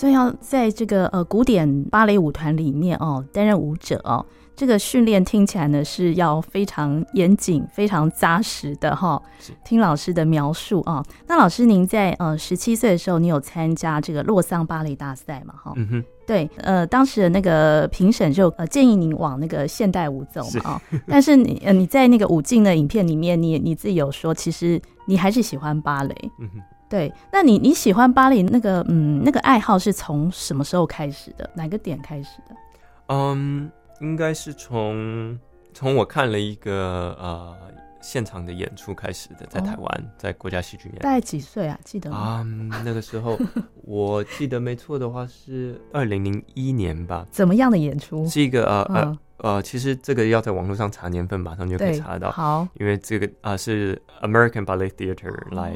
所以要在這個呃古典芭蕾舞團裡面哦擔任舞者哦，這個訓練聽起來呢是要非常嚴謹、非常扎實的哈。哦、是聽老師的描述啊、哦，那老師您在呃十七歲的時候，你有參加這個洛桑芭蕾大賽嗎？哈、嗯哼。對，呃，當時的那個評審就呃建議您往那個現代舞走嘛啊，哦、是 但是你呃你在那個舞進的影片裡面，你你自己有說，其實你還是喜歡芭蕾。嗯對，那你你喜歡芭蕾那個嗯那個愛好是從什麼時候開始的？哪個點開始的？嗯，um, 應該是從從我看了一個呃現場的演出開始的，在台灣，oh, 在國家戲劇院。大概幾歲啊？記得啊？Um, 那個時候 我記得沒錯的話是二零零一年吧。怎麼樣的演出？是一個呃呃、uh, 呃，其實這個要在網絡上查年份吧，馬上就可以查得到。好，因為這個啊、呃、是 American Ballet Theater、oh. 來。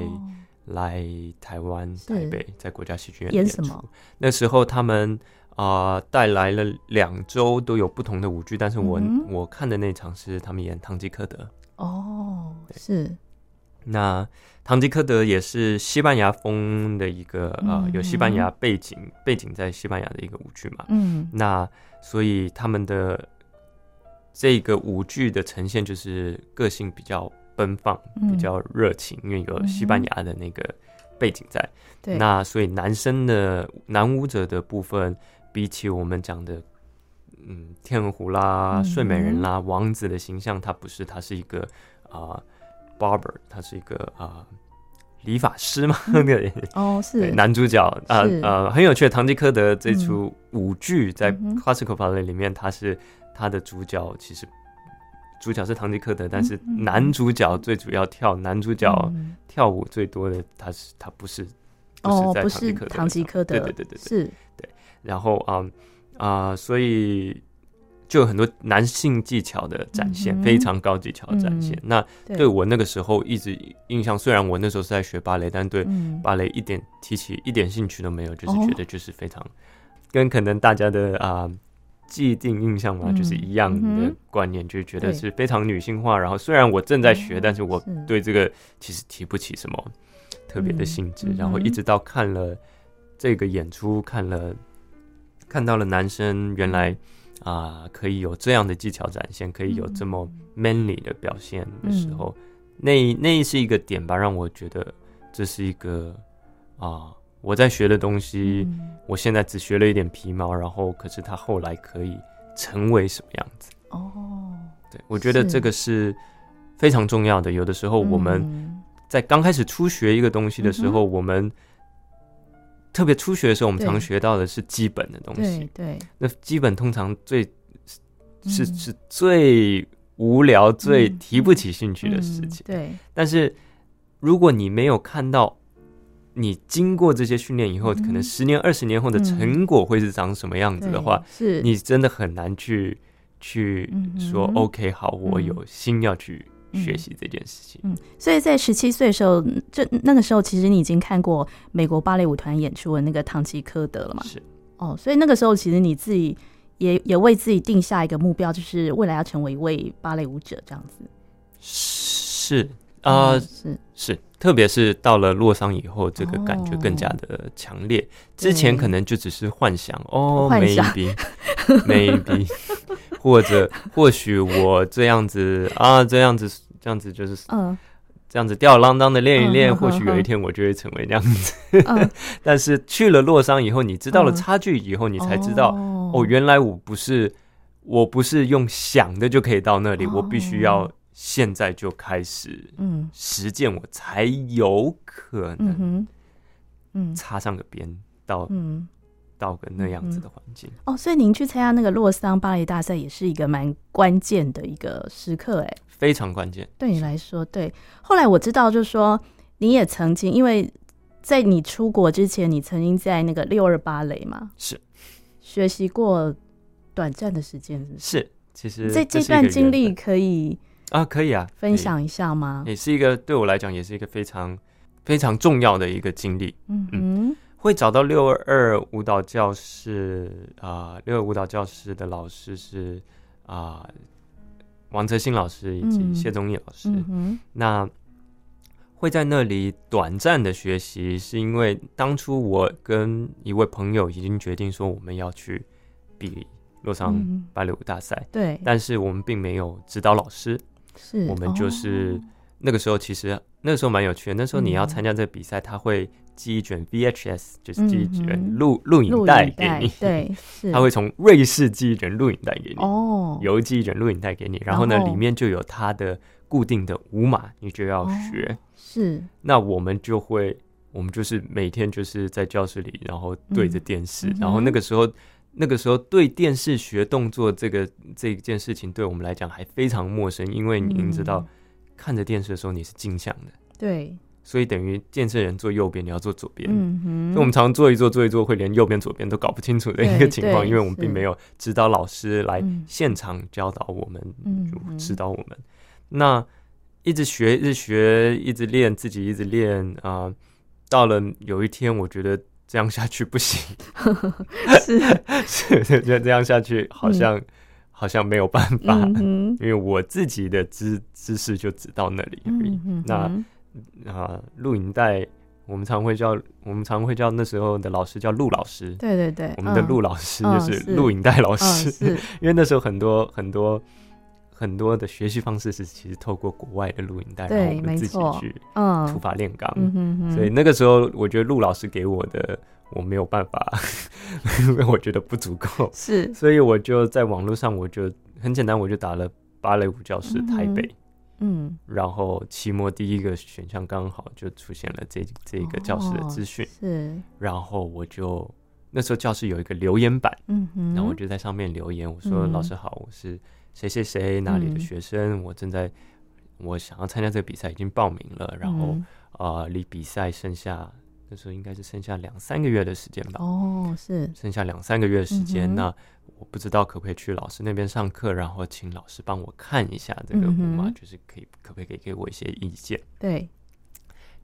來台灣台北，在國家戲劇院的演出，對，演什麼？那時候他們啊、呃、帶來了兩周都有不同的舞劇，但是我、嗯、我看的那場是他們演《唐吉訶德》。哦，對是。那《唐吉訶德》也是西班牙風的一個、嗯、呃有西班牙背景，嗯、背景在西班牙的一個舞劇嘛。嗯。那所以他們的這個舞劇的呈現就是個性比較，奔放，比較熱情，嗯、因為有西班牙的那個背景在。對、嗯哼，那所以男生的男舞者的部分，對比起我們講的，嗯，天鵝湖啦、嗯、哼睡美人啦、王子的形象，他不是，他是一個啊、呃、barber，他是一個啊、呃，理髮師嘛的、嗯、 對哦，是男主角啊啊是、呃呃，很有趣的《唐吉訶德》這出舞劇在 classical ballet 裡面，嗯、哼他是他的主角，其實。主角是唐吉訶德，但是男主角最主要跳，男主角跳舞最多的，他是他不是哦，不是在唐吉訶德，對對對對對對，然後啊啊，所以就有很多男性技巧的展現，非常高技巧的展現。那對我那個時候一直印象，雖然我那時候是在學芭蕾，但對芭蕾一點提起一點興趣都沒有，就是覺得就是非常跟可能大家的啊。既定印象嘛，就是一樣的觀念，嗯嗯、就覺得是非常女性化。對然後雖然我正在學，對但是我對這個其實提不起什麼特別的興致。嗯嗯、然後一直到看了這個演出，看了看到了男生原來啊、呃、可以有這樣的技巧展現，可以有這麼 manly 的表現的時候，嗯、那那是一個點吧，讓我覺得這是一個啊。呃我在學的東西，嗯、我現在只學了一點皮毛，然後可是它後來可以成為什麼樣子？哦，對，我覺得這個是非常重要的。是有的時候，我們在剛開始初學一個東西的時候，嗯、哼我們特別初學的時候，我們常學到的是基本的東西。對，對對，那基本通常最是是最無聊、嗯、最提不起興趣的事情。嗯、對，但是如果你沒有看到。你經過這些訓練以後，可能十年、二十年後的成果會是長什麼樣子的話，嗯嗯、是，你真的很難去去說、嗯嗯、OK，好，我有心要去學習這件事情。嗯，所以在十七歲的時候，這那個時候其實你已經看過美國芭蕾舞團演出的那個《唐吉訶德》了嘛？是，哦，所以那個時候其實你自己也也為自己定下一個目標，就是未來要成為一位芭蕾舞者，這樣子。是啊，是、呃嗯、是。是特別是到了洛桑以後，這個感覺更加的強烈。之前可能就只是幻想，哦，maybe，maybe，或者或許我這樣子啊，這樣子這樣子就是，嗯，這樣子吊兒郎當的練一練，或許有一天我就會成為那樣子。但是去了洛桑以後，你知道了差距以後，你才知道，哦，原來我不是，我不是用想的就可以到那裡，我必須要。現在就開始實踐，我才有可能，嗯，插上個邊、嗯、到、嗯、到個那樣子的環境哦。所以您去參加那個洛桑芭蕾大賽，也是一個蠻關鍵的一個時刻，哎，非常關鍵。對你來說，對。後來我知道，就是說你也曾經，因為在你出國之前，你曾經在那個六二芭蕾嘛，是學習過短暫的時間，是不是？是其實這在這段經歷可以。啊，可以啊，以分享一下嗎？也是一個對我來講，也是一個非常非常重要的一個經歷。嗯哼嗯，會找到六二二舞蹈教室啊，六、呃、二舞蹈教室的老師是啊、呃，王澤鑫老師以及謝宗義老師。嗯嗯哼，那會在那裡短暫的學習，是因為當初我跟一位朋友已經決定說我們要去比洛桑芭蕾舞大賽，嗯。對，但是我們並沒有指導老師。是，我們就是、哦、那個時候，其實那個時候蠻有趣的。那時候你要參加這個比賽，他、嗯、會寄一卷 VHS，就是寄一卷錄錄、嗯、哼影帶給你。對，是他會從瑞士寄一卷錄影帶給你，哦，郵寄一卷錄影帶給你。然後呢，然後裡面就有他的固定的舞碼，你就要學。哦、是，那我們就會，我們就是每天就是在教室裡，然後對着電視，嗯嗯、然後那個時候。那個時候，對電視學動作這個這件事情，對我們來講還非常陌生。因為您知道，嗯、看着電視的時候你是鏡像的，對，所以等於健身人做右邊，你要做左邊。嗯哼，所以我們常做一做，做一做，會連右邊、左邊都搞不清楚的一個情況。因為我們並沒有指導老師來現場教導我們，嗯、指導我們。嗯、哼那一直學，一直學，一直練，自己一直練啊、呃。到了有一天，我覺得。這樣下去不行，是是，就這樣下去好像、嗯、好像沒有辦法，嗯、哼因為我自己的知知識就只到那裡而已、嗯、哼哼那啊，錄影帶我們常常會叫我們常常會叫那時候的老師叫陸老師，對對對，我們的陸老師就是錄影帶老師、嗯嗯，因為那時候很多很多。很多的學習方式是其實透過國外的錄影帶，對然後我們自己去突嗯土法煉鋼，所以那個時候我覺得陸老師給我的我沒有辦法，因 為我覺得不足夠，是，所以我就在網絡上，我就很簡單，我就打了芭蕾舞教室台北，嗯，然後期末第一個選項剛好就出現了這這一個教室的資訊、哦，是，然後我就那時候教室有一個留言板，嗯哼，然後我就在上面留言，我說、嗯、老師好，我是。誰誰誰哪裡的學生？嗯、我正在我想要參加這個比賽，已經報名了。然後啊、嗯呃，離比賽剩下那時候應該是剩下兩三個月的時間吧。哦，是剩下兩三個月的時間。嗯、哼那我不知道可不可以去老師那邊上課，然後請老師幫我看一下這個舞嗎、嗯哼？就是可以，可不可以給我一些意見？對，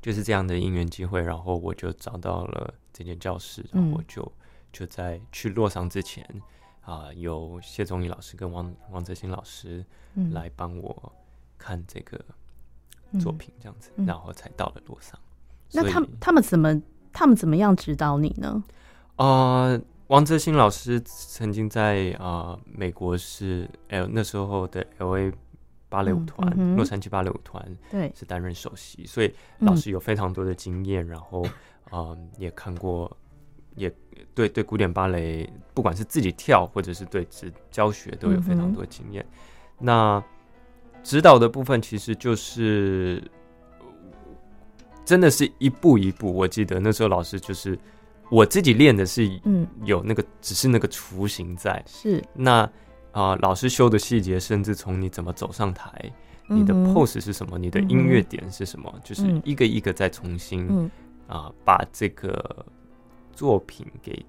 就是這樣的因緣機會。然後我就找到了這間教室，然後就、嗯、就在去洛桑之前。啊，有、呃、謝宗義老師跟王王澤新老師來幫我看這個作品，這樣子，嗯嗯、然後才到了洛桑。那他們他們怎麼他們怎麼樣指導你呢？啊、呃，王澤新老師曾經在啊、呃、美國是 L 那時候的 L A 芭蕾舞團，洛杉磯芭蕾舞團，對，是擔任首席，對所以老師有非常多的經驗，嗯、然後啊、呃、也看過。也對對古典芭蕾，不管是自己跳或者是對指教學，都有非常多經驗。嗯、哼那指導的部分其實就是真的是一步一步。我記得那時候老師就是我自己練的是，嗯，有那個、嗯、只是那個雛形在是。那啊、呃，老師修的細節，甚至從你怎麼走上台，嗯、哼你的 pose 是什麼，你的音樂點是什麼，嗯、哼就是一個一個再重新啊、嗯呃、把這個。作品給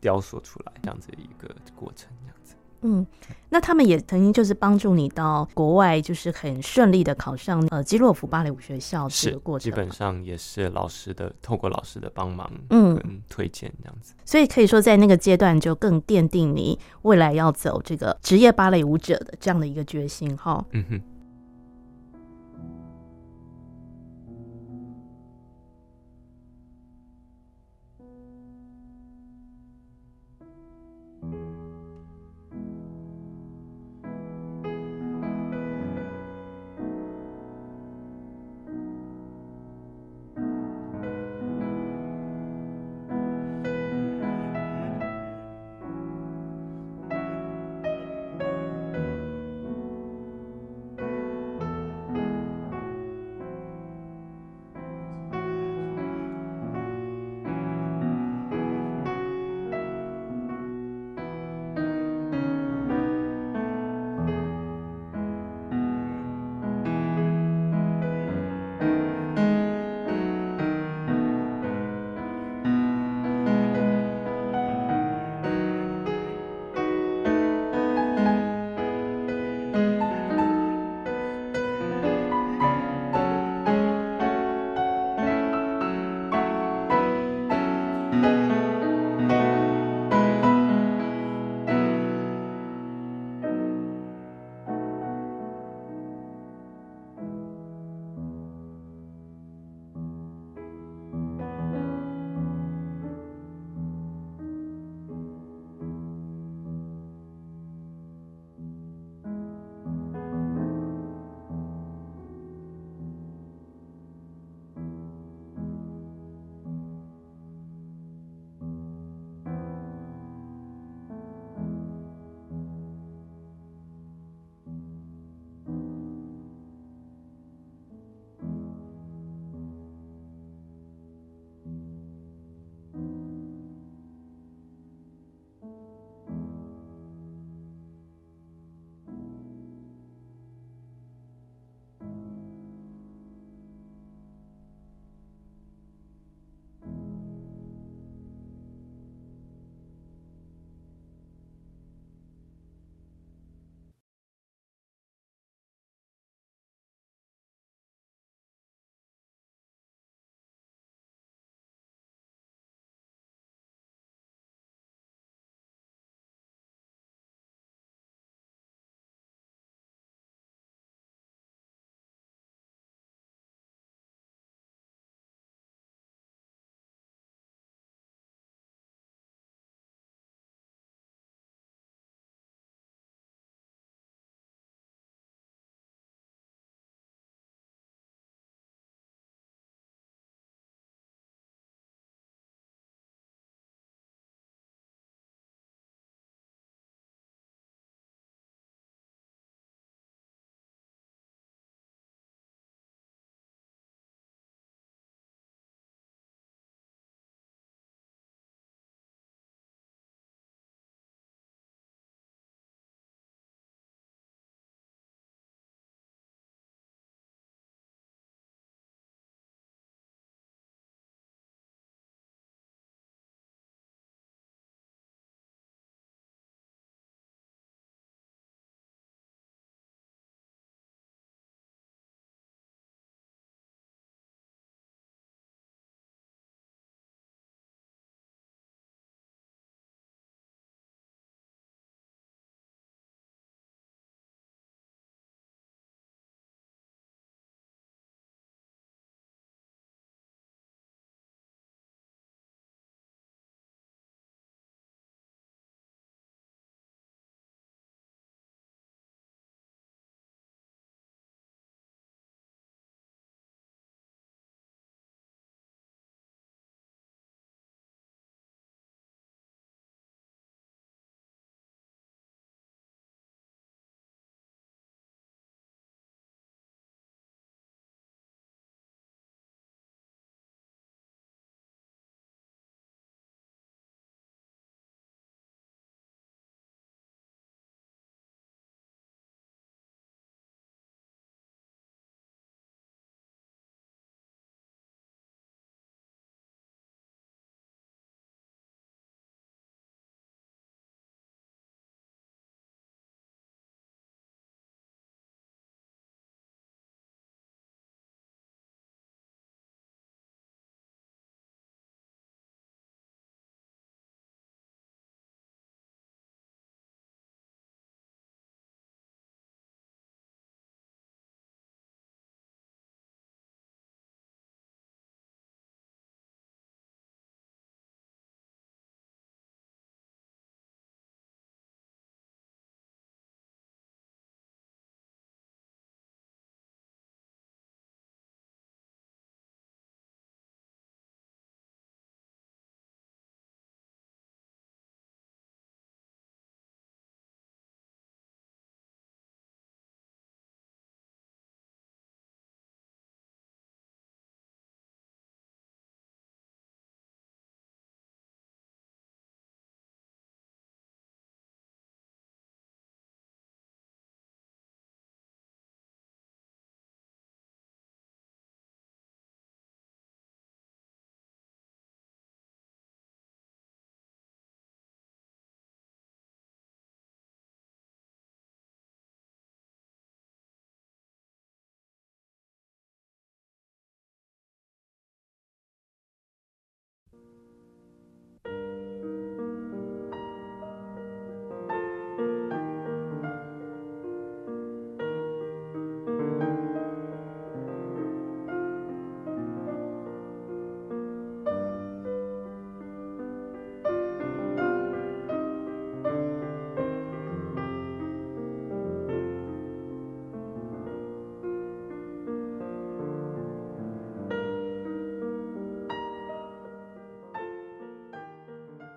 雕塑出來這樣子的一個過程，這樣子。嗯，那他們也曾經就是幫助你到國外，就是很順利的考上呃基洛夫芭蕾舞學校這個過程是，基本上也是老師的透過老師的幫忙，嗯，推薦這樣子。所以可以說在那個階段就更奠定你未來要走這個職業芭蕾舞者的這樣的一個決心哈。嗯哼。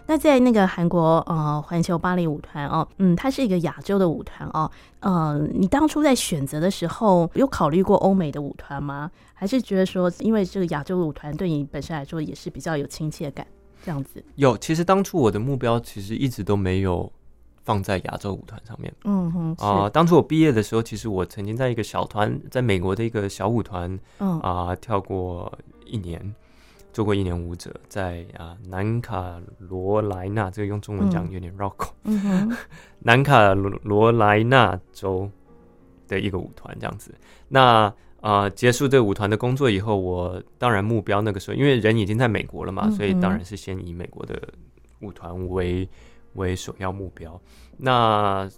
那在那個韓國呃環球芭蕾舞團哦，嗯，它是一個亞洲的舞團哦，呃，你當初在選擇的時候有考慮過歐美的舞團嗎？還是覺得說因為這個亞洲舞團對你本身來說也是比較有親切感這樣子？有，其實當初我的目標其實一直都沒有放在亞洲舞團上面。嗯哼，啊、呃，當初我畢業的時候，其實我曾經在一個小團，在美國的一個小舞團，嗯、呃、啊，跳過一年。做過一年舞者，在啊，南卡羅來納，這個用中文講有點繞口。嗯嗯、南卡羅羅來納州的一個舞團這樣子。那啊、呃、結束這個舞團的工作以後，我當然目標那個時候，因為人已經在美國了嘛，所以當然是先以美國的舞團為為首要目標。那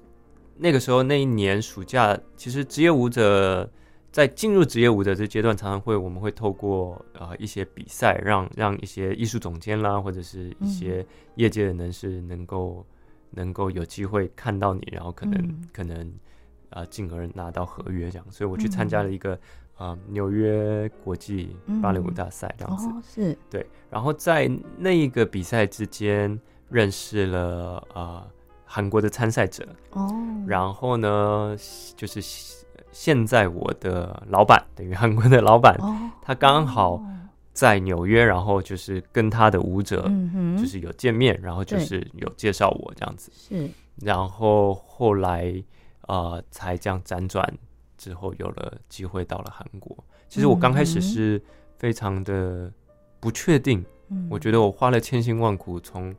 那個時候那一年暑假，其實職業舞者。在進入職業舞的這階段，常常會我們會透過呃一些比賽，讓讓一些藝術總監啦，或者是一些業界的人士能，嗯、能夠能夠有機會看到你，然後可能、嗯、可能啊呃、進而拿到合約這樣。所以我去參加了一個啊嗯呃、紐約國際芭蕾舞大賽這樣子，嗯哦、是、對。然後在那一個比賽之間認識了啊呃、韓國的參賽者哦，然後呢就是。現在我的老闆等於韓國的老闆，哦、他剛好在紐約，然後就是跟他的舞者、嗯、哼就是有見面，然後就是有介紹我這樣子。對然後後來呃才這樣輾轉之後有了機會到了韓國。嗯、哼其實我剛開始是非常的不確定，嗯、哼我覺得我花了千辛萬苦從。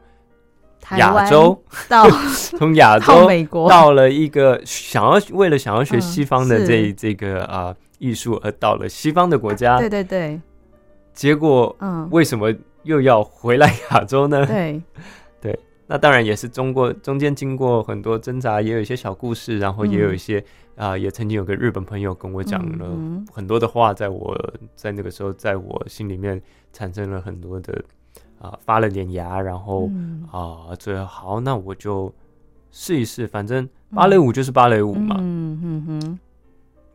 亞洲台灣到從亞 洲美國，到了一個想要，為了想要學西方的這、嗯、這個啊藝術而到了西方的國家，啊、對對對，結果嗯為什麼又要回來亞洲呢？對對，那當然也是中國中間經過很多掙扎，也有一些小故事，然後也有一些啊、嗯呃，也曾經有個日本朋友跟我講了很多的話，嗯嗯在我，在那個時候，在我心裡面產生了很多的。啊、呃，發了點芽，然後啊、嗯呃，最後好，那我就試一試，反正芭蕾舞就是芭蕾舞嘛。嗯哼哼、嗯嗯嗯、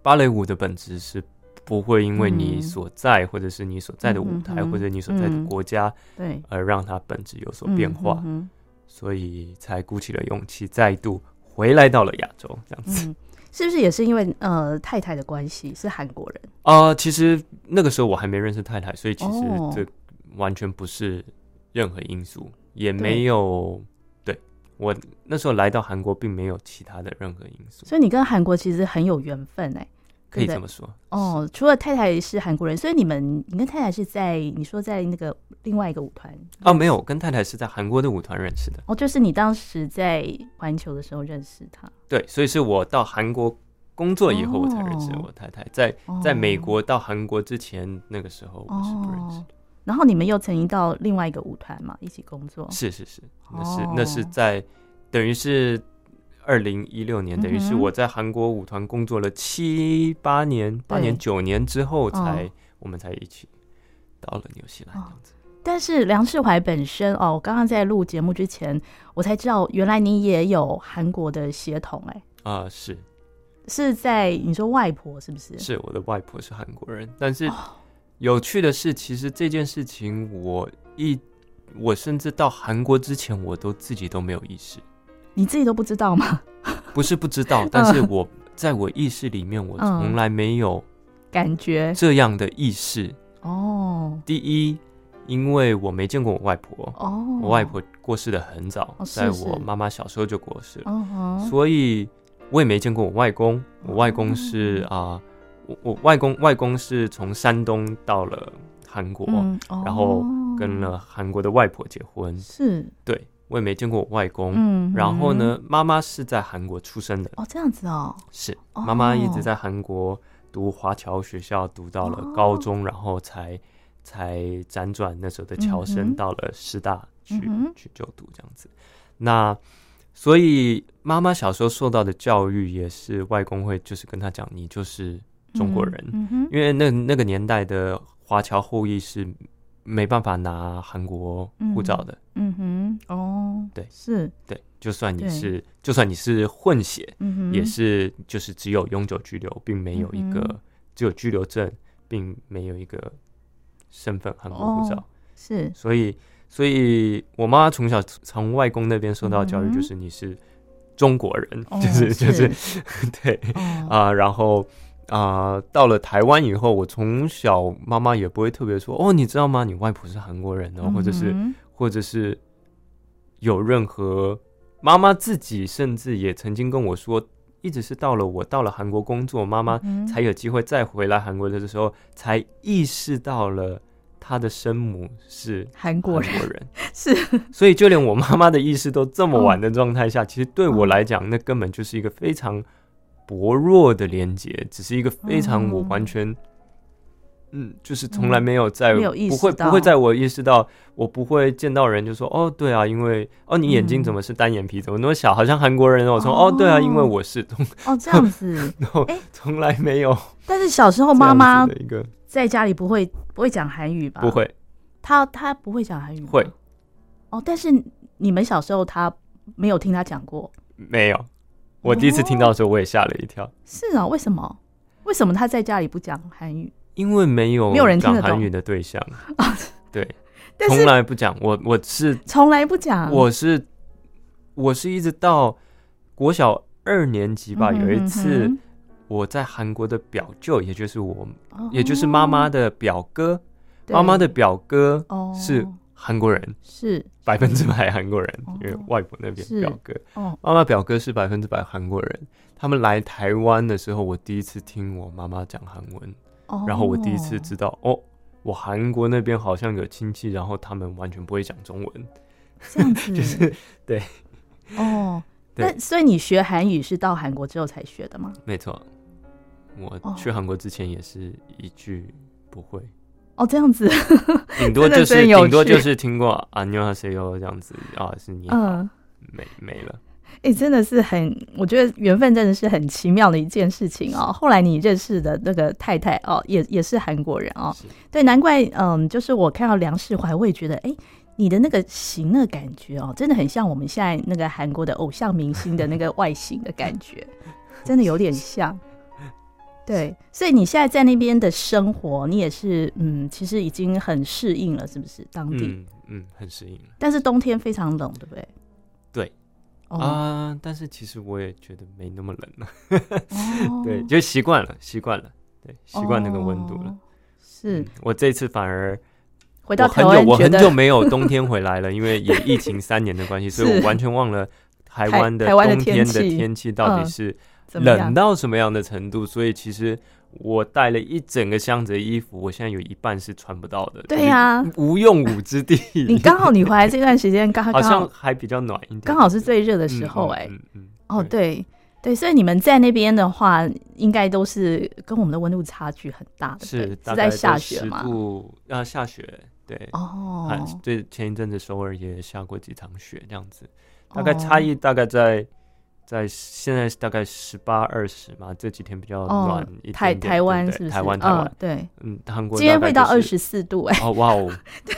芭蕾舞的本質是不會因為你所在，嗯、或者是你所在的舞台，嗯嗯、或者你所在的國家，對，而讓它本質有所變化。嗯、所以才鼓起了勇氣，再度回來到了亞洲。這樣子、嗯、是不是也是因為呃太太的關係是韓國人啊、呃？其實那個時候我還沒認識太太，所以其實這、哦。完全不是任何因素，也沒有對，對我那時候來到韓國，並沒有其他的任何因素。所以你跟韓國其實很有緣分誒、欸，可以這麼說吧哦。除了太太是韓國人，是所以你們你跟太太是在你說在那個另外一個舞團哦，沒有，跟太太是在韓國的舞團認識的。哦，就是你當時在環球的時候認識她。對，所以是我到韓國工作以後我才認識我太太。哦、在在美國到韓國之前，那個時候我是不認識的。哦哦然後你們又曾經到另外一個舞團嘛一起工作？是是是，那是、oh. 那是在等於是二零一六年，mm hmm. 等於是我在韓國舞團工作了七八年、八對年、九年之後才，才、oh. 我們才一起到了紐西蘭這樣子。Oh. 但是梁世懷本身哦，我剛剛在錄節目之前，我才知道原來你也有韓國的血統哎啊、uh, 是是在你說外婆是不是？是我的外婆是韓國人，但是。Oh. 有趣的是，其實這件事情，我一我甚至到韓國之前，我都自己都沒有意識。你自己都不知道嗎？ 不是不知道，但是我在我意識裡面， 嗯、我從來沒有感覺這樣的意識。哦，第一，因為我沒見過我外婆。哦，我外婆過世得很早，哦、是是，在我媽媽小時候就過世了，哦、所以我也沒見過我外公。我外公是啊。嗯呃我外公，外公是從山東到了韓國，嗯、然後跟了韓國的外婆結婚。是，對，我也沒見過我外公。嗯、哼然後呢，媽媽是在韓國出生的。哦，這樣子哦。是，媽媽一直在韓國讀華僑學校，讀到了高中，哦、然後才才輾轉那時候的僑生、嗯、哼到了師大去、嗯、哼去就讀這樣子。那所以媽媽小時候受到的教育也是外公會就是跟她講，你就是。中國人，因為那那個年代的華僑後裔是沒辦法拿韓國護照的。嗯哼，哦，對，是，對，就算你是就算你是混血，也是就是只有永久居留，並沒有一個只有居留證，並沒有一個身份韓國護照。是，所以，所以我媽從小從外公那邊受到教育，就是你是中國人，就是就是對啊，然後。啊，到了台灣以後，我從小媽媽也不會特別說哦，你知道嗎？你外婆是韓國人，哦，嗯、或者是或者是有任何媽媽自己甚至也曾經跟我說，一直是到了我到了韓國工作，媽媽才有機會再回來韓國的時候，嗯、才意識到了她的生母是韓國人。國人。是，所以就連我媽媽的意識都這麼晚的狀態下，嗯、其實對我來講，嗯、那根本就是一個非常。薄弱的連接，只是一個非常我完全，嗯，就是從來沒有在沒有意識，不會不會在我意識到，我不會見到人就說哦，對啊，因為哦，你眼睛怎麼是單眼皮，怎麼那麼小，好像韓國人哦，都說哦，對啊，因為我是哦這樣子，然後從來沒有。但是小時候媽媽一個在家裡不會不會講韓語吧？不會，他他不會講韓語，會哦。但是你們小時候他沒有聽他講過，沒有。我第一次聽到的時候，我也嚇了一跳。哦、是啊、哦，為什麼？為什麼他在家裡不講韓語？因為沒有沒有人講韓語的對象啊。對，但是，從來不講。我我是從來不講。我是我是，我是一直到國小二年級吧。嗯哼嗯哼，有一次我在韓國的表舅，也就是我，哦、也就是媽媽的表哥，對，媽媽的表哥是韓國人，哦、是。百分之百韓國人，嗯、因為外婆那邊表哥，是哦，媽媽表哥是百分之百韓國人。他們來台灣的時候，我第一次聽我媽媽講韓文，哦、然後我第一次知道，哦，我韓國那邊好像有親戚，然後他們完全不會講中文， 就是對。哦，對那所以你學韓語是到韓國之後才學的嗎？沒錯，我去韓國之前也是一句不會。哦，這樣子，頂多就是頂多就是聽過啊，New Age 喲，這樣子啊，是你，嗯，沒沒了。哎、欸，真的是很，我覺得緣分真的是很奇妙的一件事情哦。是後來你認識的那個太太哦，也也是韓國人哦，是對，難怪嗯，就是我看到梁世懷，我也覺得哎、欸，你的那個型的感覺哦，真的很像我們現在那個韓國的偶像明星的那個外形的感覺， 真的有點像。 對，所以你現在在那邊的生活，你也是嗯，其實已經很適應了，是不是？當地嗯，很適應。但是冬天非常冷，對不對？對。啊，但是其實我也覺得沒那麼冷了。對，就習慣了，習慣了，對，習慣那個溫度了。是我這次反而回到台灣，我很久沒有冬天回來了，因為也疫情三年的關係，所以我完全忘了台灣的冬天的天氣到底是。冷到什麼樣的程度？所以其實我帶了一整個箱子的衣服，我現在有一半是穿不到的。對呀、啊，無用武之地。 你剛好你回來這段時間，剛剛 還比較暖一點，這個，剛好是最熱的時候，欸。哎、嗯哦，嗯嗯哦，對對，所以你們在那邊的話，應該都是跟我們的溫度差距很大的，是是在下雪嗎？啊，下雪。對，哦、oh. 啊，對，前一陣子首爾也下過幾場雪，這樣子，大概差異大概在。Oh. 在現在是大概十八二十嘛，這幾天比較暖。哦，台台灣是不是？台灣台灣對，嗯，韓國今天會到二十四度哎。哦哇哦，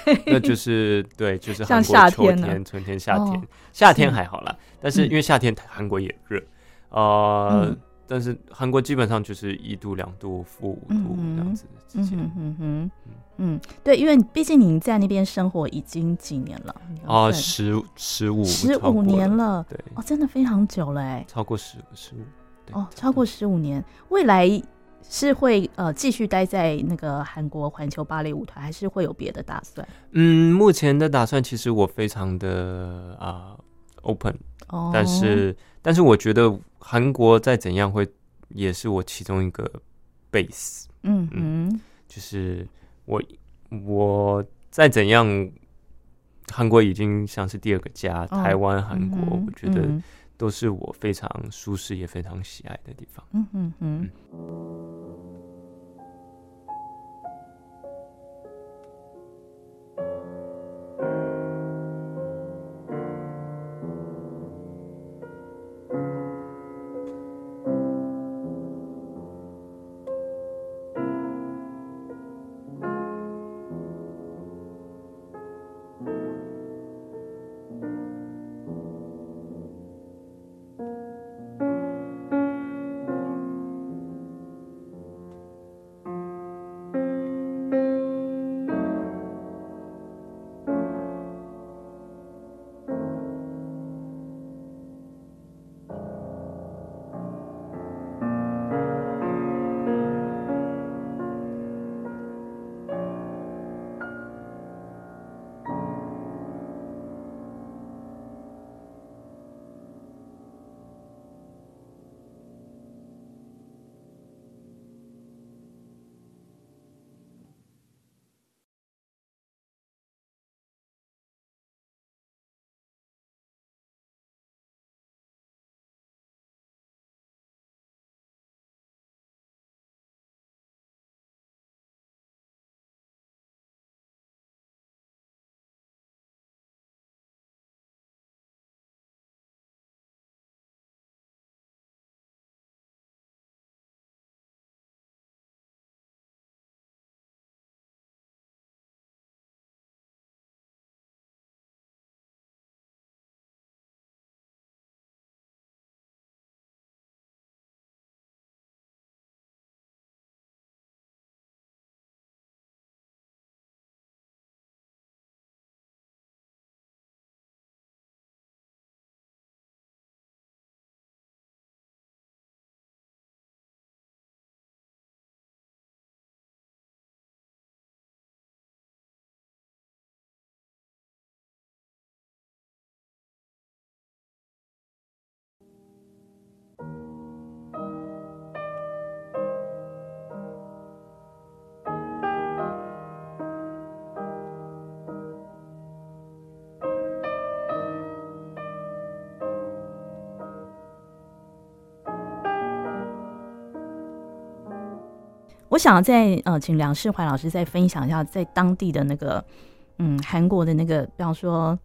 對，那就是對，就是韓國秋天、春天、夏天，夏天還好啦，但是因為夏天韓國也熱啊。但是韓國基本上就是一度、兩度、負五度這樣子。嗯嗯嗯嗯，對，因為畢竟您在那邊生活已經幾年了。哦、啊對，十十五十五年了，了，對，哦，真的非常久了哎，超過十十五，哦，超過十五年。超過未來是會呃繼續待在那個韓國環球芭蕾舞團，還是會有別的打算？嗯，目前的打算其實我非常的啊、呃、open。但是，但是我覺得韓國再怎樣會也是我其中一個 base 嗯哼。嗯嗯，就是我我再怎樣，韓國已經像是第二個家。哦、台灣、韓國，嗯、哼我覺得都是我非常舒適也非常喜愛的地方。嗯嗯哼嗯。我想再呃，請梁世懷老師再分享一下在當地的那個，嗯，韓國的那個，比方說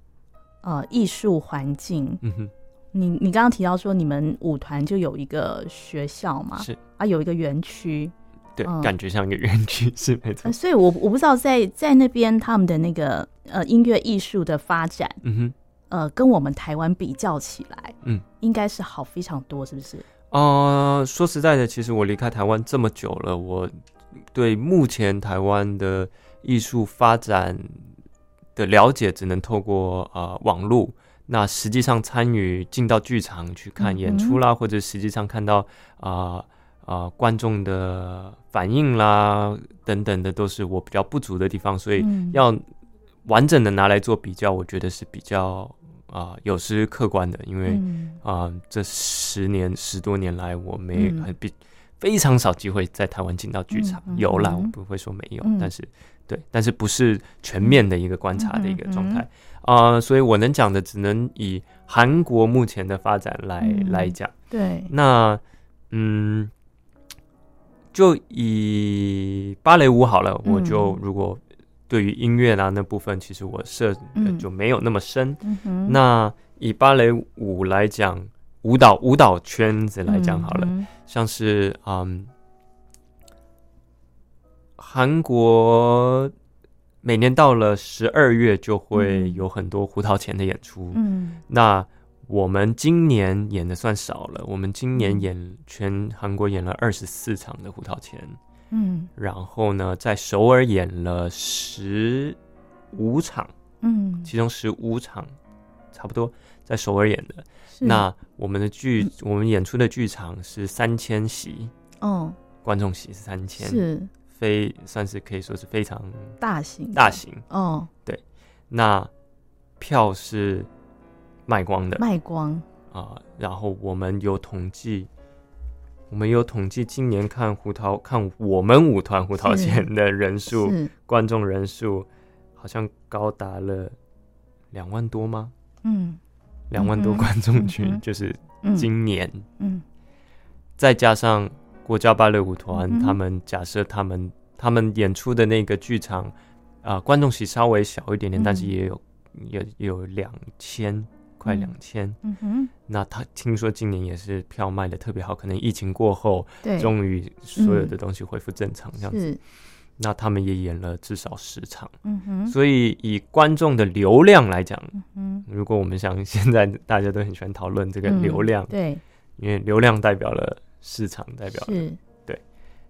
呃，藝術環境。嗯哼，你你剛剛提到說你們舞團就有一個學校嘛，是啊，有一個園區，對，呃、感覺像一個園區是沒錯、呃。所以我，我我不知道在在那邊他們的那個呃音樂藝術的發展，嗯哼，呃，跟我們台灣比較起來，嗯，應該是好非常多，是不是？啊、呃，說實在的，其實我離開台灣這麼久了，我對目前台灣的藝術發展的了解，只能透過啊、呃、網絡。那實際上參與進到劇場去看演出啦，嗯、哼或者實際上看到啊啊、呃呃、觀眾的反應啦等等的，都是我比較不足的地方。所以要完整的拿來做比較，我覺得是比較。啊、呃，有失客觀的，因為啊、嗯呃，這十年十多年來，我沒很比、嗯、非常少機會在台灣進到劇場，嗯嗯、有啦，我不會說沒有，嗯、但是對，但是不是全面的一個觀察的一個狀態啊，所以我能講的只能以韓國目前的發展來、嗯、來講。對，那嗯，就以芭蕾舞好了，嗯、我就如果。對於音樂啊那部分，其實我涉就沒有那麼深。嗯嗯、那以芭蕾舞來講，舞蹈舞蹈圈子來講好了，嗯、哼像是嗯，韓國每年到了十二月就會有很多胡桃鉗的演出。嗯、那我們今年演的算少了，我們今年演全韓國演了二十四場的胡桃鉗。嗯，然後呢，在首爾演了十五場，嗯，其中十五場差不多在首爾演的。是那我們的劇，嗯、我們演出的劇場是三千席，哦，觀眾席是三千，是，非算是可以說是非常大型，大型，哦，對，那票是賣光的，賣光啊、呃，然後我們有統計。我們有統計，今年看胡桃、看我們舞團胡桃鉗的人數，觀眾人數好像高達了兩萬多嗎？嗯，兩萬多觀眾群就是今年，嗯，嗯嗯再加上國家芭蕾舞團，嗯嗯、他們假設他們他們演出的那個劇場啊、呃，觀眾席稍微小一點點，嗯、但是也有也，也有兩千，快兩千，嗯哼，那他聽說今年也是票賣得特別好，可能疫情過後，對，終於所有的東西恢復正常這樣子，嗯、那他們也演了至少十場，嗯哼，所以以觀眾的流量來講，嗯哼，如果我們想現在大家都很喜歡討論這個流量，嗯、對，因為流量代表了市場，代表了是對，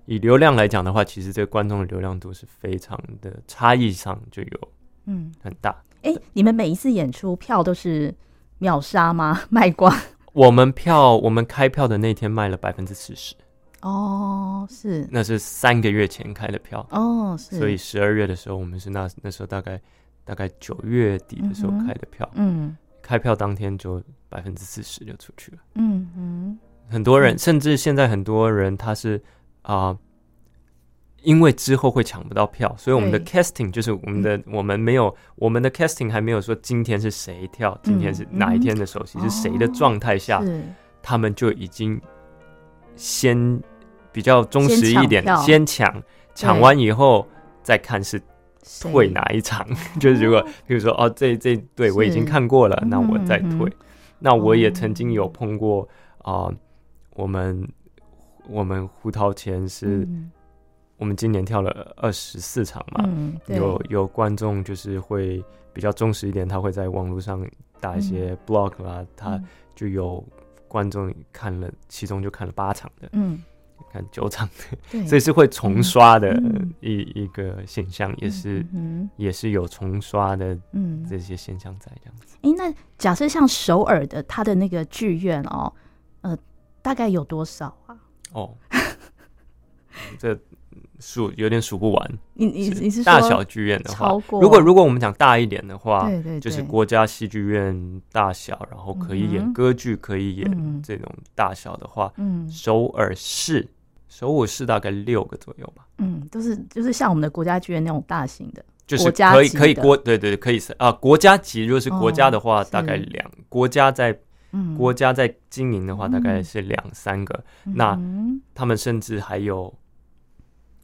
以流量來講的話，其實這個觀眾的流量度是非常的差異上就有，嗯，很大。哎、嗯欸，你們每一次演出票都是？秒殺嗎？賣光？我們票，我們開票的那天賣了百分之四十。哦，oh, 是。那是三個月前開的票。哦，oh, 是。所以十二月的時候，我們是那那時候大概大概九月底的時候開的票。嗯、mm。Hmm. 開票當天就百分之四十就出去了。嗯哼、mm。Hmm. 很多人，甚至現在很多人，他是啊。呃因為之後會搶不到票，所以我們的 casting 就是我們的，我們沒有，我們的 casting 還沒有說今天是誰跳，今天是哪一天的首席是誰的狀態下，他們就已經先比較忠實一點，先搶，搶完以後再看是退哪一場。就是如果比如說哦，這這對，我已經看過了，那我再退。那我也曾經有碰過啊，我們我們胡桃鉗是。我們今年跳了二十四場嘛，嗯、有有觀眾就是會比較忠實一點，他會在網絡上打一些 blog 啊，嗯、他就有觀眾看了，其中就看了八場的，嗯，看九場的，對 所以是會重刷的一、嗯、一個現象，嗯、也是、嗯嗯、也是有重刷的嗯這些現象在這樣子哎、欸，那假設像首爾的他的那個劇院哦，呃，大概有多少啊？哦， 嗯、這。數有點數不完，你你你是大小劇院的話，如果如果我們講大一點的話，就是國家戲劇院大小，然後可以演歌劇，可以演這種大小的話，嗯，首爾市、首爾市大概六個左右吧，嗯，都是就是像我們的國家劇院那種大型的，就是可以可以國對對對可以啊，國家級如果是國家的話，大概兩國家在國家在經營的話，大概是兩三個，那他們甚至還有。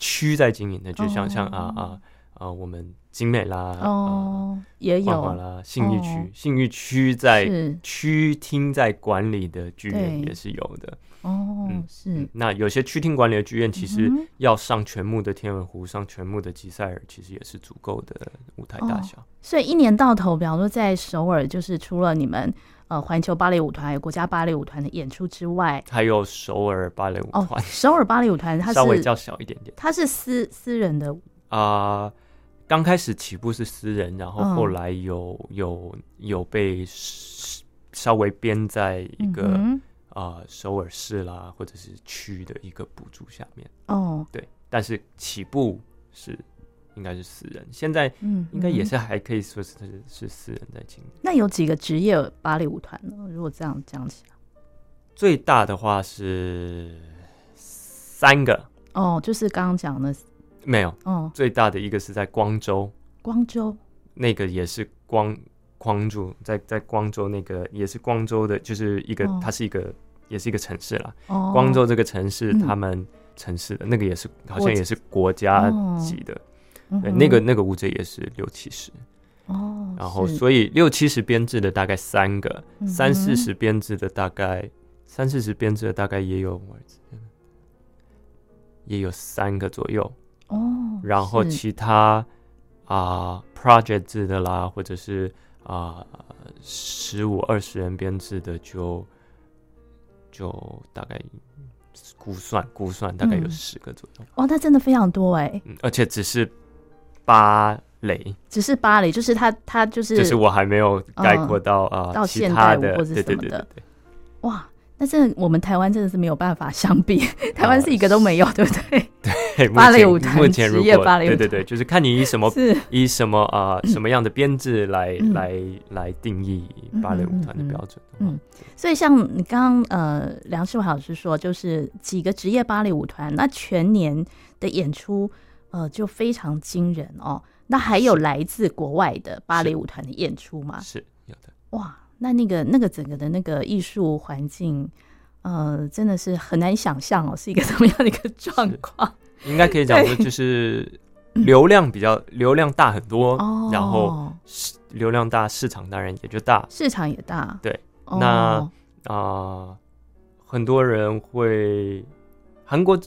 區在經營的，就像、oh, 像啊啊啊，我們精美啦，哦、oh, 呃，也有歡歡啦，信譽區，oh. 信譽區在區廳是在管理的劇院也是有的，哦，oh, 嗯、是、嗯。那有些區廳管理的劇院，其實要上全幕的《天鵝湖》mm，hmm. 上全幕的《吉賽爾》，其實也是足夠的舞台大小。Oh. 所以一年到頭，比方說在首爾，就是除了你們。呃，環球芭蕾舞團、國家芭蕾舞團的演出之外，還有首爾芭蕾舞團、哦。首爾芭蕾舞團它是稍微較小一點點，它是私私人的。啊、呃，剛開始起步是私人，然後後來有、嗯、有有被稍微編在一個啊、嗯哼呃、首爾市啦或者是區的一個補助下面。哦、嗯，對，但是起步是。應該是私人，現在應該也是還可以說是是私人在經營，嗯嗯，那有幾個職業芭蕾舞團呢？如果這樣講起來，最大的話是三個哦，就是剛剛講的沒有哦。最大的一個是在光州，光州那個也是光光州，在在光州那個也是光州的，就是一個，哦、它是一個也是一個城市了。哦，光州這個城市，嗯，他們城市的那個也是好像也是國家級的。哦對，那個那個舞者也是六七十，哦，oh, 然後所以六七十編制的大概三個，oh, 三四十編制的大概、oh, 三四十編制的大概也有，oh, 也有三個左右，哦，oh, 然後其他啊是、呃、project 制的啦，或者是啊十五二十人編制的就就大概估算估算大概有十個左右，嗯、哇，那真的非常多哎、欸嗯，而且只是。芭蕾，只是芭蕾，就是他，他就是，就是我還沒有概括到啊，到現代舞或是什麼的。哇，那這我們台灣真的是沒有辦法相比，台灣是一個都沒有，對不對？對，芭蕾舞團，職業芭蕾舞團，對對對，就是看你以什麼，以什麼啊，什麼樣的編制來來來定義芭蕾舞團的標準。嗯，所以像你剛剛呃，梁世懷老師說，就是幾個職業芭蕾舞團，那全年的演出。呃，就非常驚人哦。那還有來自國外的芭蕾舞團的演出嗎？是，是有的。哇，那那個那個整個的那個藝術環境，呃，真的是很難想象哦，是一個什麼樣的一個狀況？應該可以講說，就是流量比較流量大很多， 然後、哦、流量大，市場當然也就大，市場也大。對，那啊、哦呃，很多人會韓國。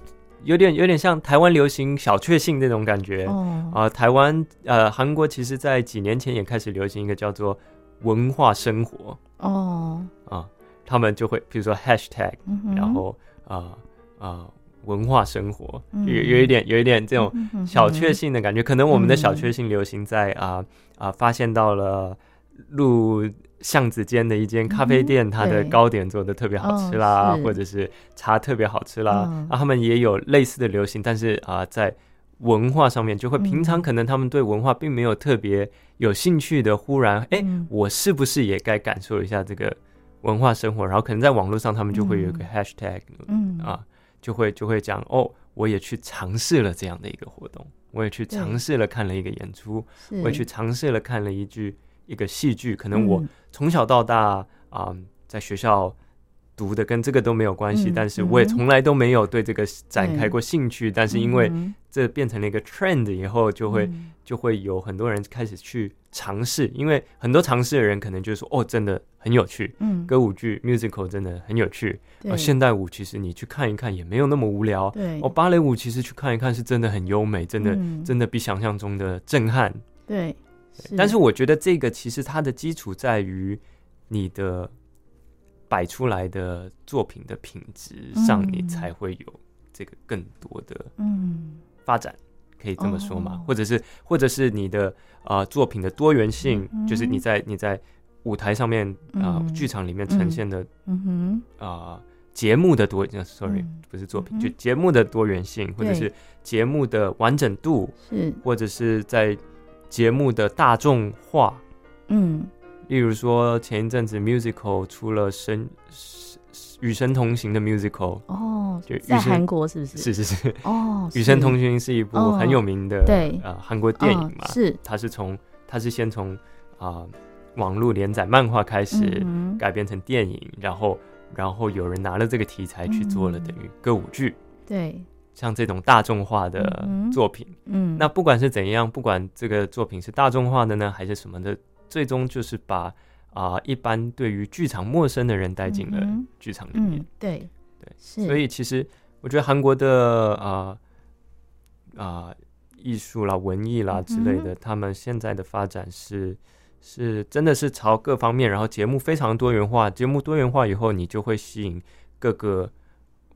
有點有點像台灣流行小確幸那種感覺，啊、oh. 呃，台灣呃，韓國其實，在幾年前也開始流行一個叫做文化生活哦，啊、oh. 呃，他們就會比如說 hashtag，、mm hmm. 然後啊啊、呃呃，文化生活、mm hmm. 有有一點有一點這種小確幸的感覺，mm hmm. 可能我們的小確幸流行在啊啊、呃呃，發現到了路。巷子間的一間咖啡店，它的糕點做的特別好吃啦，嗯哦、或者是茶特別好吃啦，嗯、啊，他們也有類似的流行，但是啊、呃，在文化上面就會，平常可能他們對文化並沒有特別有興趣的，忽然，嗯、誒，我是不是也該感受一下這個文化生活？嗯、然後可能在網絡上，他們就會有一個 hashtag，嗯啊，就會就會講哦，我也去嘗試了這樣的一個活動，我也去嘗試了看了一個演出，我也去嘗試了看了一句。一個戲劇，可能我從小到大啊，在學校讀的跟這個都沒有關係，但是我也從來都沒有對這個展開過興趣。但是因為這變成了一個 trend 以後，就會就會有很多人開始去嘗試。因為很多嘗試的人可能就是說：“哦，真的很有趣。”嗯，歌舞劇 musical 真的很有趣。而現代舞其實你去看一看也沒有那麼無聊。對，哦，芭蕾舞其實去看一看是真的很優美，真的真的比想象中的震撼。對。但是我覺得這個其實它的基礎在於，你的擺出來的作品的品質上，你才會有這個更多的嗯發展，嗯嗯、可以這麼說嗎？哦、或者是或者是你的啊、呃、作品的多元性，嗯、就是你在你在舞台上面啊、嗯呃、劇場裡面呈現的嗯啊、嗯嗯呃、節目的多，sorry 不是作品，嗯嗯、就節目的多元性，對或者是節目的完整度，是或者是在。節目的大眾化，嗯，例如說前一陣子 musical 出了《神與神同行》的 musical，哦，就與神在韓國是不是？是是是哦，《與神同行》是一部很有名的呃韓國電影嘛，是，他是從他是先從啊網絡連載漫畫開始改編成電影，然後然後有人拿了這個題材去做了等於歌舞劇，對。像這種大眾化的作品，嗯，嗯，那不管是怎樣，不管這個作品是大眾化的呢，還是什麼的，最終就是把啊、呃，一般對於劇場陌生的人帶進了劇場裡面。對、嗯嗯、對，對是所以其實我覺得韓國的啊啊、呃呃、藝術啦、文藝啦之類的，他、嗯、哼們現在的發展是是真的是朝各方面，然後節目非常多元化。節目多元化以後，你就會吸引各個。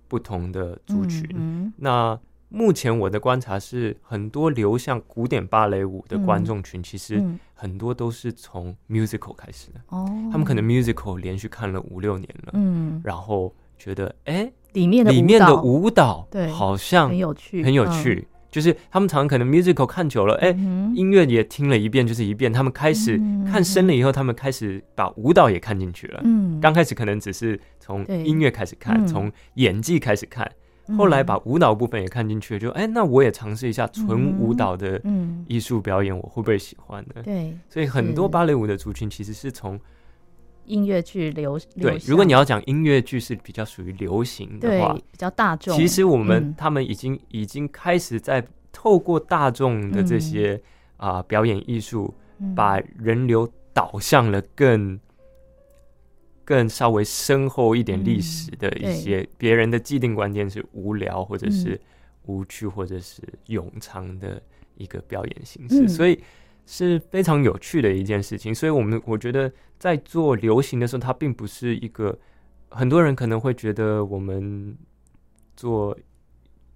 不同的族群。嗯嗯、那目前我的觀察是，很多流向古典芭蕾舞的觀眾群，其實很多都是從 musical 開始的。嗯嗯、哦，他們可能 musical 連續看了五六年了。嗯，然後覺得，誒、欸，裡面的裡面的舞蹈，舞蹈好像很有趣，很有趣。就是他們常常可能 musical 看久了，哎、欸，嗯、音樂也聽了一遍就是一遍，他們開始看深了以後，嗯、他們開始把舞蹈也看進去了。嗯，剛開始可能只是從音樂開始看，從對演技開始看，嗯、後來把舞蹈部分也看進去了，就哎、欸，那我也嘗試一下純舞蹈的藝術表演，我會不會喜歡呢？對，所以很多芭蕾舞的族群其實是從。音樂劇流，對，如果你要講音樂劇是比較屬於流行的話，比較大眾。其實我們、嗯、他們已經已經開始在透過大眾的這些啊、嗯呃、表演藝術，嗯、把人流導向了更更稍微深厚一點歷史的一些別、嗯、人的既定觀念是無聊或者是無趣或者是冗長的一個表演形式，嗯、所以。是非常有趣的一件事情，所以，我們我覺得在做流行的時候，它並不是一個很多人可能會覺得我們做，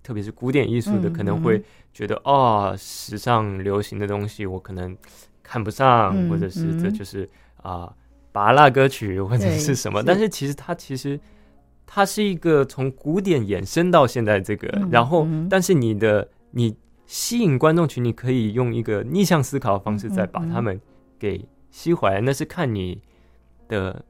特別是古典藝術的，嗯、可能會覺得、嗯、哦，時尚流行的東西我可能看不上，嗯、或者是、嗯、這就是啊，芭、呃、樂歌曲或者是什麼？是但是其實它其實它是一個從古典延伸到現在這個，嗯、然後，嗯嗯、但是你的你。吸引觀眾群，你可以用一個逆向思考的方式，再把他們給吸回來。嗯嗯，那是看你的，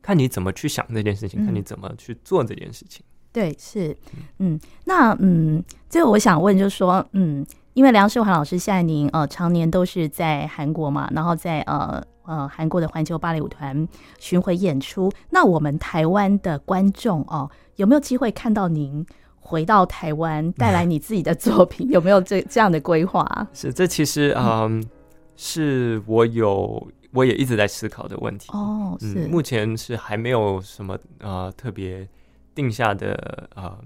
看你怎麼去想這件事情，嗯、看你怎麼去做這件事情。對，是，嗯，那嗯，最後我想問，就是說，嗯，因為梁世懷老師現在您呃常年都是在韓國嘛，然後在呃呃韓國的環球芭蕾舞團巡迴演出，那我們台灣的觀眾哦、呃，有沒有機會看到您？回到台灣，帶來你自己的作品， 有沒有這這樣的規劃？是，這其實、um, 嗯，是我有，我也一直在思考的問題。哦，是、嗯，目前是還沒有什麼啊、呃、特別定下的啊、呃、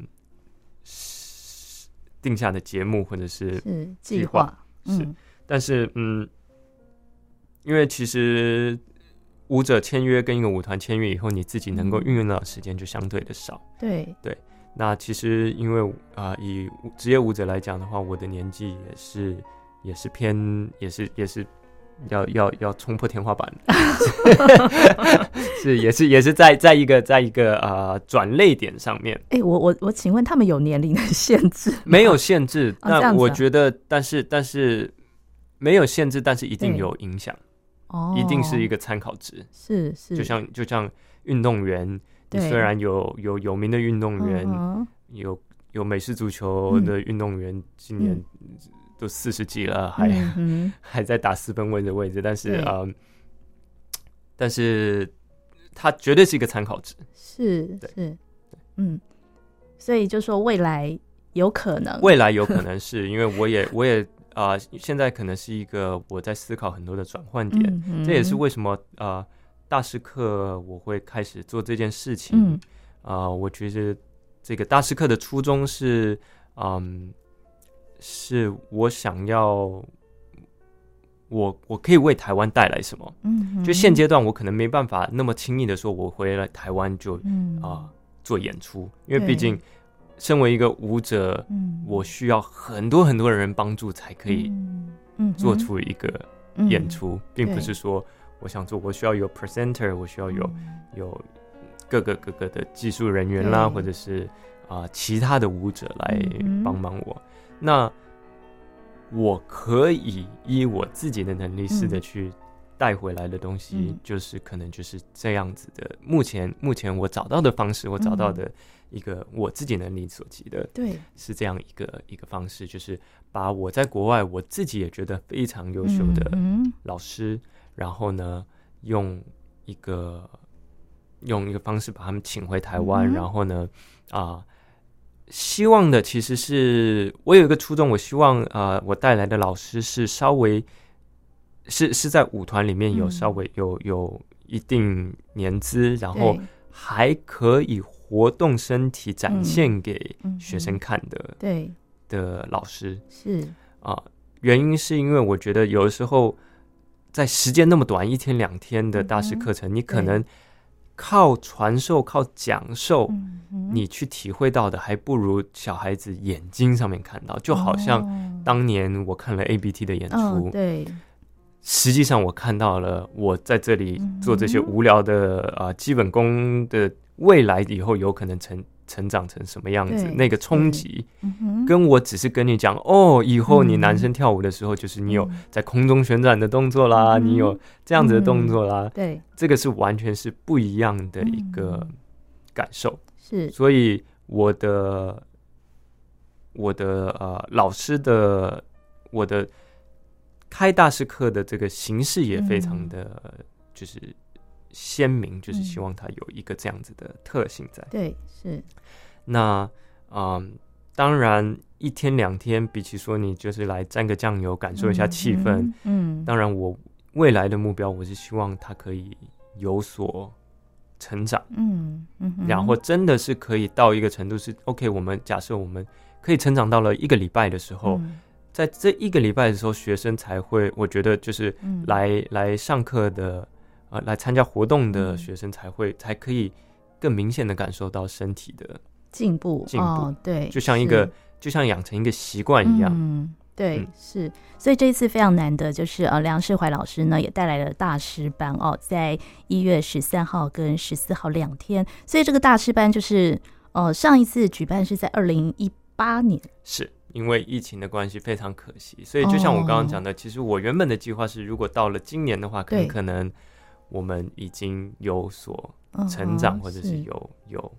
定下的節目或者是計劃。是是嗯，但是嗯，因為其實舞者簽約跟一個舞團簽約以後，你自己能夠運用到的時間就相對的少。對、嗯，對。對那其實，因為啊、呃，以職業舞者來講的話，我的年紀也是，也是偏，也是也是要要要衝破天花板， 是也是也是在在一個在一個啊轉、呃、捩點上面。哎、欸，我我我請問，他們有年齡的限制？沒有限制， 但、啊、我覺得，但是但是沒有限制，但是一定有影響，哦對，一定是一個參考值，是是、哦，就像就像運動員。雖然有有有名的運動員，哦、有有美式足球的運動員，今年都四十幾了還，還、嗯嗯、還在打四分衛的位置，但是啊對、嗯，但是他絕對是一個參考值。是，是，對嗯，所以就說未來有可能，未來有可能是因為我也我也啊、呃，現在可能是一個我在思考很多的轉換點，嗯、哼這也是為什麼啊。呃大師課，我會開始做這件事情。嗯，啊、呃，我覺得這個大師課的初衷是，嗯、呃，是我想要我，我我可以為台灣帶來什麼？嗯哼，就現階段我可能沒辦法那麼輕易的說，我回來台灣就啊、嗯呃、做演出，因為畢竟身為一個舞者，嗯對，我需要很多很多人幫助才可以，嗯，做出一個演出，嗯嗯、並不是說。我想做，我需要有 presenter，我需要有、嗯、有各個各個的技術人員啦，對或者是啊、呃、其他的舞者來幫忙我。嗯、那我可以依我自己的能力試着去帶回來的東西，嗯、就是可能就是這樣子的。目前目前我找到的方式，嗯、我找到的一個我自己能力所及的，對，是這樣一個一個方式，就是把我在國外我自己也覺得非常優秀的老師。嗯嗯然後呢，用一個用一個方式把他們請回台灣。嗯、哼然後呢，啊、呃，希望的其實是我有一個初衷，我希望啊、呃，我帶來的老師是稍微是是在舞團裡面有稍微有、嗯、有,有一定年資，然後還可以活動身體，展現給學生看的。嗯嗯嗯、對的，老師是啊、呃，原因是因為我覺得有的時候。在時間那麼短，一天兩天的大師課程，mm hmm. 你可能靠傳授、對靠講授，你去體會到的，mm hmm. 還不如小孩子眼睛上面看到。就好像當年我看了 A B T 的演出，oh. Oh, 對，實際上我看到了，我在這裡做這些無聊的、mm hmm. 啊，基本功的未來以後有可能成。成長成什麼樣子？對那個衝擊，對跟我只是跟你講、嗯、哼哦，以後你男生跳舞的時候，就是你有在空中旋轉的動作啦，嗯、哼你有這樣子的動作啦。嗯、對，這個是完全是不一樣的一個感受。嗯、是，所以我的我的呃老師的我的開大師課的這個形式也非常的、嗯、哼就是。鮮明，就是希望它有一個這樣子的特性在。對，是。那啊、嗯，當然一天兩天，比起說你就是來沾個醬油，感受一下氣氛嗯。嗯，嗯當然我未來的目標，我是希望它可以有所成長。嗯。嗯嗯然後真的是可以到一個程度是、嗯、OK，我們假設我們可以成長到了一個禮拜的時候，嗯、在這一個禮拜的時候，學生才會，我覺得就是來、嗯、來，來上課的。啊，來參加活動的學生才會、嗯、才可以更明顯的感受到身體的進步，進步、哦、對，就像一個是就像養成一個習慣一樣，嗯，對，嗯、是，所以這一次非常難得，就是呃，梁世懷老師呢也帶來了大師班哦，在一月十三號跟十四號兩天，所以這個大師班就是呃上一次舉辦是在二零一八年，是因為疫情的關係非常可惜，所以就像我剛剛講的，哦、其實我原本的計劃是，如果到了今年的話，可能對可能。我們已經有所成長，或者是有有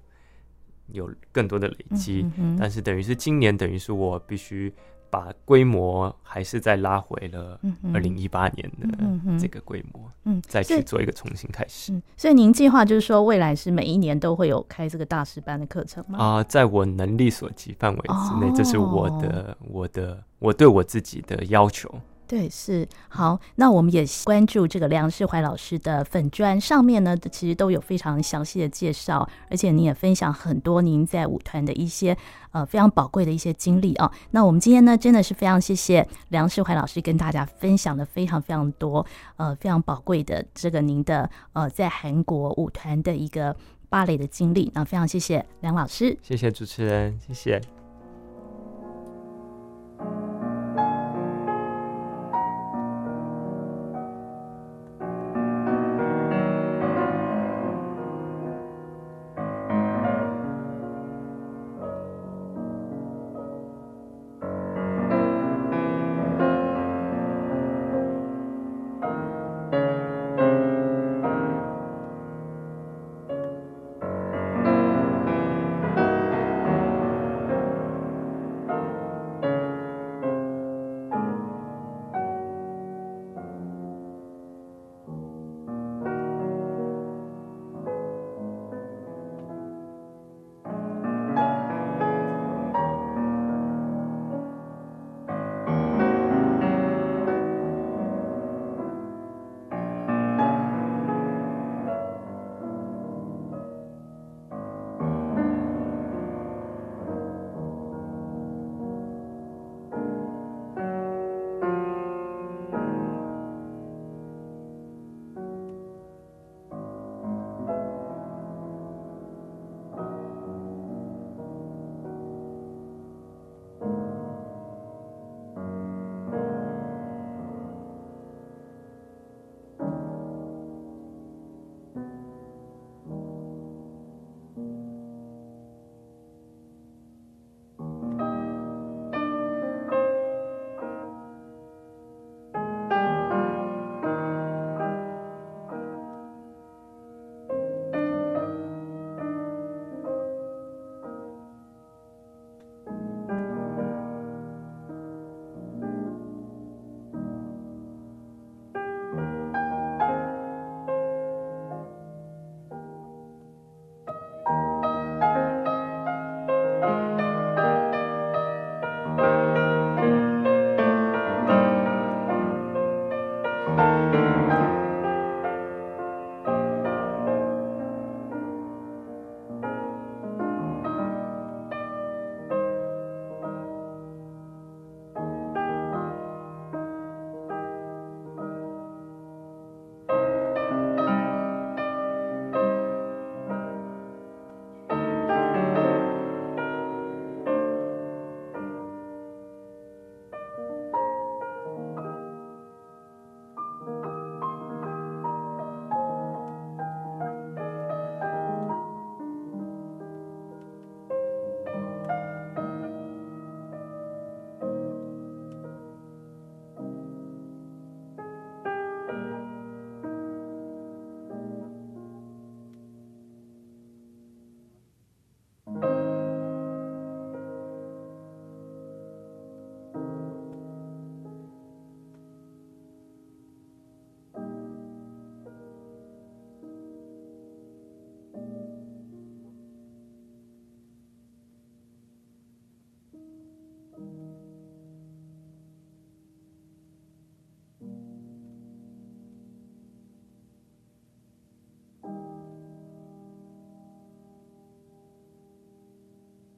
有更多的累積，但是等於是今年，等於是我必須把規模還是再拉回了二零一八年的這個規模，再去做一個重新開始。所以，您計劃就是說，未來是每一年都會有開這個大師班的課程嗎？啊，在我能力所及範圍之內，這是我的，我的我的我對我自己的要求。對，是好。那我們也關注這個梁世懷老師的粉專上面呢，其實都有非常詳細的介紹，而且你也分享很多您在舞團的一些呃非常寶貴的一些經歷啊、哦。那我們今天呢，真的是非常謝謝梁世懷老師跟大家分享的非常非常多呃非常寶貴的這個您的呃在韓國舞團的一個芭蕾的經歷。那、呃、非常謝謝梁老師，謝謝主持人，謝謝。